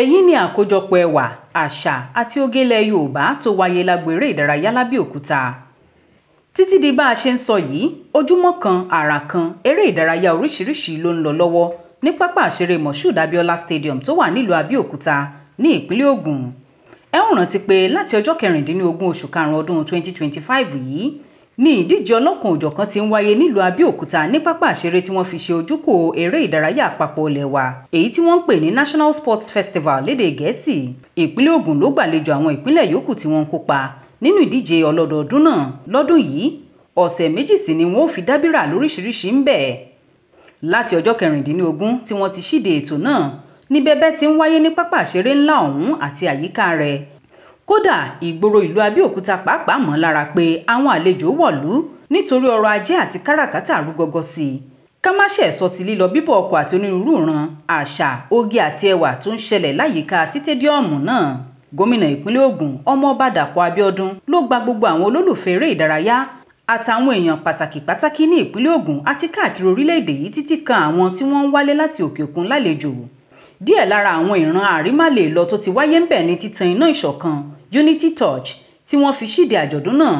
èyí ni àkójọpọ̀ ẹwà àṣà àti ogélẹ̀ yorùbá tó wáyé lágbèrè ìdárayá lábẹ́òkúta títí di bá a ṣe ń sọ yìí ojúmọ́ kan àrà kan eré ìdárayá oríṣiríṣi ló ń lọ lọ́wọ́ ní pápá àṣeré moshood abiola stadium tó wà nílùú abẹ́òkúta ní ìpínlẹ̀ ògùn ẹ ń rántí pé láti ọjọ́ kẹrìndínlógún oṣù karùn-ún ọdún 2025 yìí ní ìdíje ọlọ́kan òjọ̀kan tí ń wáyé nílùú Abẹ́òkúta ní pápá àṣeré tí wọ́n fi ṣe ojúkò eré ìdárayá àpapọ̀ ilẹ̀ wa èyí tí wọ́n ń pè ní National Sports Festival lédè Gẹ̀ẹ́sì ìpínlẹ̀ Ògùn ló gbàlejò àwọn ìpínlẹ̀ yòókù tí wọ́n ń kópa nínú ìdíje ọlọ́dọọdún náà lọ́dún yìí ọ̀sẹ̀ méjì sí ni wọ́n ó fi dábìrà lóríṣiríṣi ń bẹ̀ láti ọjọ́ kẹrìndínlógún tí wọ́n ti ṣíde ètò náà ní bẹ́bẹ́ tí ń wáyé ní pápá àṣeré kódà ìgboro ìlú Abẹ́òkúta pàápàá mọ́ lára pé àwọn àlejò wọ̀lú nítorí ọrọ̀ ajé àti káràkátà rúgọ́gọ́ sí i ká má ṣe sọ ti lílọ bíbọ̀ ọkọ̀ àti onírúurú ìran àṣà oge àti ẹwà tó ń ṣẹlẹ̀ láyìíká sítẹ́díọ̀mù náà gómìnà ìpínlẹ̀ Ògùn ọmọọba Dàpọ̀ Abíọ́dún ló gba gbogbo àwọn olólùfẹ́ eré ìdárayá àtàwọn èèyàn pàtàkì pàtàkì ní ìpínlẹ̀ Ògùn àti káàkiri orílẹ̀-èdè yìí títí kan àwọn tí wọ́n ń wálé láti òkè òkun lálejò díẹ̀ lára àwọn ìran àrímàlèlọ tó ti wáyé ń bẹ̀ ní títan iná ìṣọ̀kan unity torch tí wọ́n fi ṣíde àjọ̀dún náà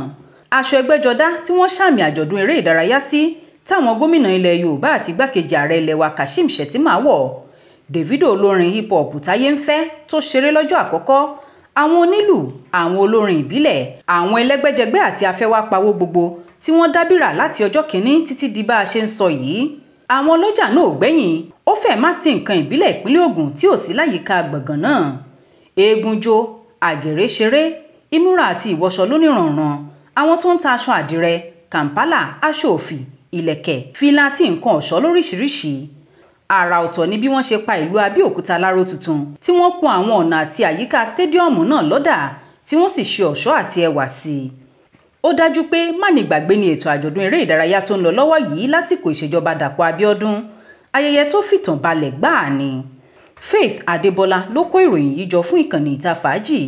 aṣọ ẹgbẹ́jọdá tí wọ́n ṣàmì àjọ̀dún eré ìdárayá sí táwọn gómìnà ilẹ̀ yorùbá àti igbákejì ààrẹ ilẹ̀ wa kashim shettima wọ̀ davido olórin hip hop táyé ń fẹ́ tó ṣeré lọ́jọ́ àkọ́kọ́ àwọn onílù àwọn olórin ìbílẹ̀ àwọn ẹlẹ́gbẹ́jẹgbẹ́ àti afẹ́wápawó gbogbo tí wọ́n dábìrà láti ọjọ́ kìíní títí di bá a ṣe ń sọ yìí àwọn ọlọ́jà náà ò gbẹ́yìn fẹ́ẹ̀ má sí nǹkan ìbílẹ̀ ìpínlẹ̀ Ògùn tí ò sí láyìíká gbọ̀ngàn náà eégún jó àgèrè ṣeré ìmúra àti ìwọṣọ lónìrànràn àwọn tó ń ta aṣọ àdìrẹ kàǹpálà aṣọ òfì ìlẹ̀kẹ̀ fìlà àti nǹkan ọ̀ṣọ́ lóríṣìíríṣìí àrà ọ̀tọ̀ ni bí wọ́n ṣe pa ìlú Abẹ́òkúta láró tuntun tí wọ́n kùn àwọn ọ̀nà àti àyíká stadiọ̀mù náà lọ́dà tí wọ́n sì ṣe ọ̀ṣọ́ àti ẹwà sí i ó dájú pé má ní ni ètò àjọ̀dún eré ìdárayá tó ń lọ lọ́wọ́ yìí lásìkò ìṣèjọba Dàpọ̀ Abíọ́dún ayẹyẹ tó fìtàn balẹ̀ gbáà ni Faith Adébọlá ló kó ìròyìn yìí jọ fún ìkànnì ìta fàájì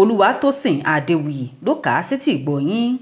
Olúwatósìn Adéwuyì ló kà á sétí ìgbọ́ yín.